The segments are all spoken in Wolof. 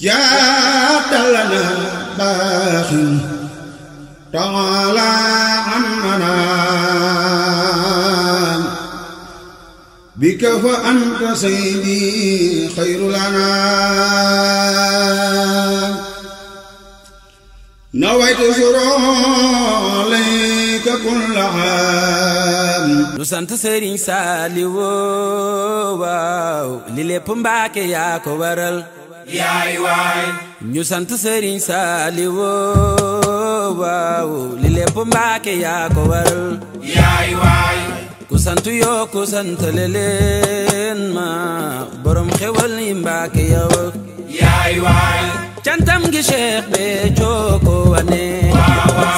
جاد لنا باخ تعالى عمنا بك فأنت سيدي خير لنا نويت سرور ليك كل عام nu sant Sëriñ Saaliw waaw li lépp Mbàkke yaa ko waral yaay waay ñu sant sëriñ Saaliwu waaw li lépp Mbàkke yaa ko waral yaay waay ku sant yoo ku sant leen ma borom xewal yi Mbàkke yow yaay waay cantam gi Cheikh be cooko wane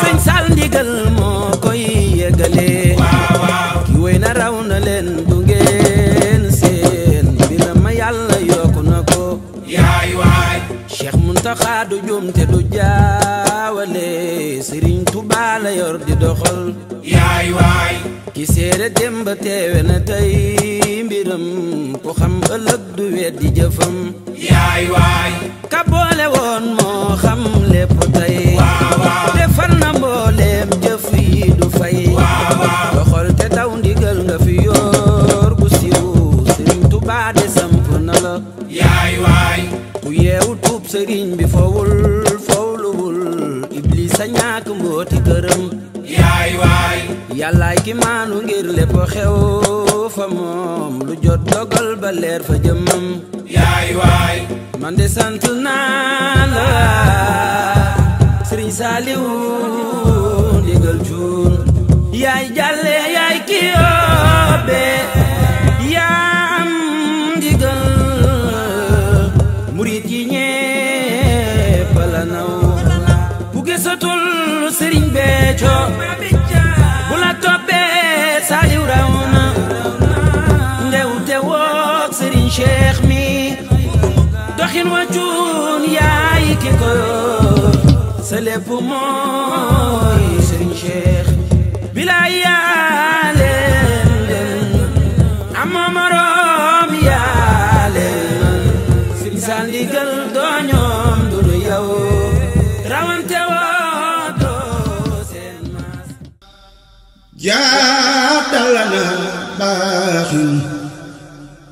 sëñ Saal ndigal moo koy yëgale ki wéy na raw na leen gunge Muntaxa du juum te du jaawale Sëriñ Tuubaa la yor di doxal ki seede démb teewe na tey mbiram ku xam ëllëg du weddi jëfam yaay waay ka boole woon moo xam lépp tey defar na ku tuub sëriñ bi fawul fawluwul iblis a ñàkk mbooti këram yaay waay yàllaay ki maanu ngir lépp xew fa moom lu jot dogal ba leer fa jëmmam yaay waay man de sant naa la sëriñ Saaliw Béthio bu la toppee Saliou raw na ndewte woog Serigne Cheikh mi doxin wa cuun yaay ki ko yor sa mooy Serigne Cheikh bilaay yaa leen den amoo morom yaa leen misaal ndigal dooñoo جاد لنا باخ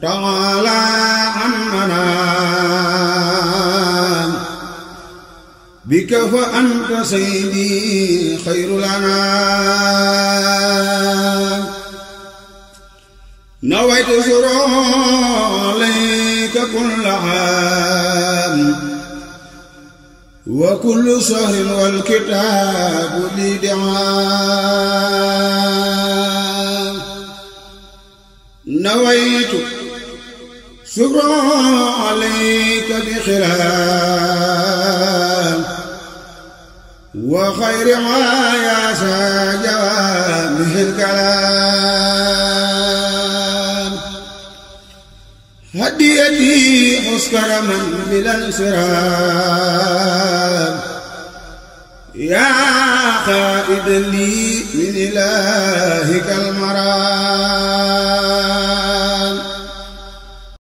تعالى عمنا بك فأنت سيدي خير لنا نويت سرى عليك كل عام وكل شهر والكتاب لي دعاء نويت شكرا عليك بخلال وخير ما يا جوامه الكلام يبيح كرما من الانسرام يا قائدا لي من إلهك المرام